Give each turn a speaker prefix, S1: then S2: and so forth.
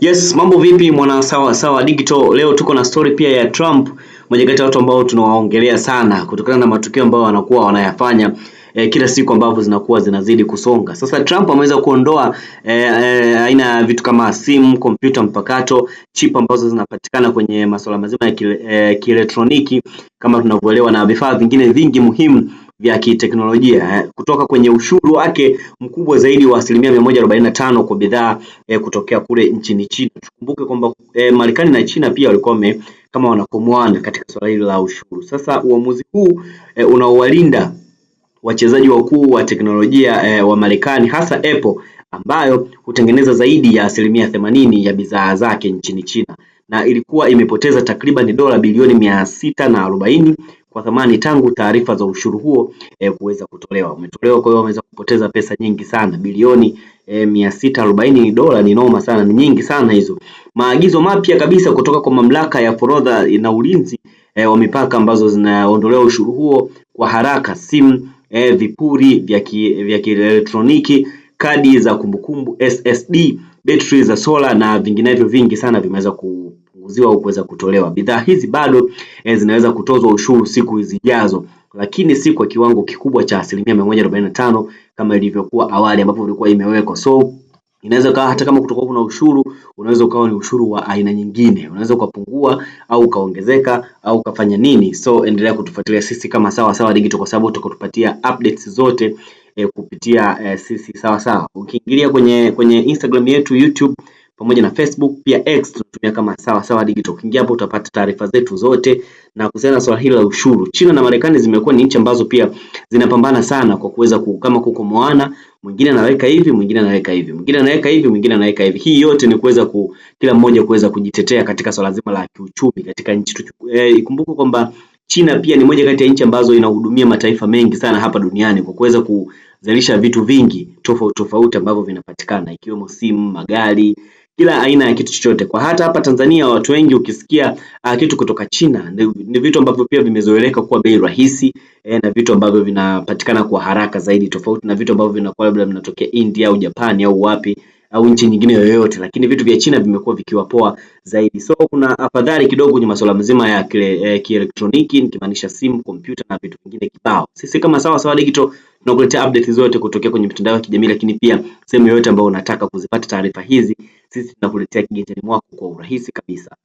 S1: Yes, mambo vipi mwana sawa sawa digital. Leo tuko na story pia ya Trump, mmoja kati ya watu ambao tunawaongelea sana kutokana na matukio ambayo wanakuwa wanayafanya eh, kila siku ambapo zinakuwa zinazidi kusonga. Sasa Trump ameweza kuondoa e, aina ya vitu kama simu, kompyuta mpakato, chip ambazo zinapatikana kwenye masuala mazima ya eh, kielektroniki kama tunavyoelewa na vifaa vingine vingi muhimu vya kiteknolojia eh, kutoka kwenye ushuru wake mkubwa zaidi wa asilimia 145 kwa bidhaa eh, kutokea kule nchini China. Tukumbuke kwamba eh, Marekani na China pia walikuwa wame kama wanakomwana katika swala hili la ushuru. Sasa uamuzi huu eh, unaowalinda wachezaji wakuu wa teknolojia eh, wa Marekani hasa Apple ambayo hutengeneza zaidi ya asilimia themanini ya bidhaa zake nchini China na ilikuwa imepoteza takriban dola bilioni mia sita na arobaini kwa thamani tangu taarifa za ushuru huo e, kuweza kutolewa umetolewa. Kwa hiyo wameweza kupoteza pesa nyingi sana, bilioni e, mia sita arobaini dola. Ni noma sana, ni nyingi sana hizo. Maagizo mapya kabisa kutoka kwa mamlaka ya forodha na ulinzi e, wa mipaka ambazo zinaondolewa ushuru huo kwa haraka: simu e, vipuri vya kielektroniki kadi za kumbukumbu SSD, betri za sola na vinginevyo vingi sana vimeweza ku kupunguziwa au kuweza kutolewa. Bidhaa hizi bado e, zinaweza kutozwa ushuru siku zijazo, lakini si kwa kiwango kikubwa cha asilimia mia kama ilivyokuwa awali ambapo ilikuwa imewekwa. So inaweza kawa hata kama kutokuwa kuna ushuru, unaweza ukawa ni ushuru wa aina nyingine, unaweza ukapungua au ukaongezeka au ukafanya nini. So endelea kutufuatilia sisi kama Sawa Sawa Digital, kwa sababu tutakutupatia updates zote e, kupitia e, sisi Sawa Sawa. Ukiingilia kwenye kwenye Instagram yetu, YouTube pamoja na Facebook, pia X tunatumia kama sawa sawa digital. Ukiingia hapo utapata taarifa zetu zote. Na kuhusiana na swala hili la ushuru, China na Marekani zimekuwa ni nchi ambazo pia zinapambana sana kwa kuweza kama kuko moana, mwingine anaweka hivi, mwingine anaweka hivi, mwingine anaweka hivi, mwingine anaweka hivi. Hii yote ni kuweza ku, kila mmoja kuweza kujitetea katika swala zima la kiuchumi katika nchi. tu. eh, ikumbuke kwamba China pia ni moja kati ya nchi ambazo inahudumia mataifa mengi sana hapa duniani kwa kuweza kuzalisha vitu vingi tofauti tofauti ambavyo vinapatikana ikiwemo simu, magari kila aina ya kitu chochote. Kwa hata hapa Tanzania watu wengi ukisikia uh, kitu kutoka China ni, ni vitu ambavyo pia vimezoeleka kuwa bei rahisi eh, na vitu ambavyo vinapatikana kwa haraka zaidi tofauti na vitu ambavyo vinakuwa labda vinatokea India au Japan au wapi au nchi nyingine yoyote, lakini vitu vya China vimekuwa vikiwa poa zaidi. So kuna afadhali kidogo kwenye masuala mzima ya eh, kielektroniki, nikimaanisha simu, kompyuta na vitu vingine kibao. Sisi kama Sawa Sawa Digital tunakuletea update zote kutokea kwenye mitandao ya kijamii, lakini pia sehemu yoyote ambayo unataka kuzipata taarifa hizi sisi tunakuletea kiganjani mwako kwa urahisi kabisa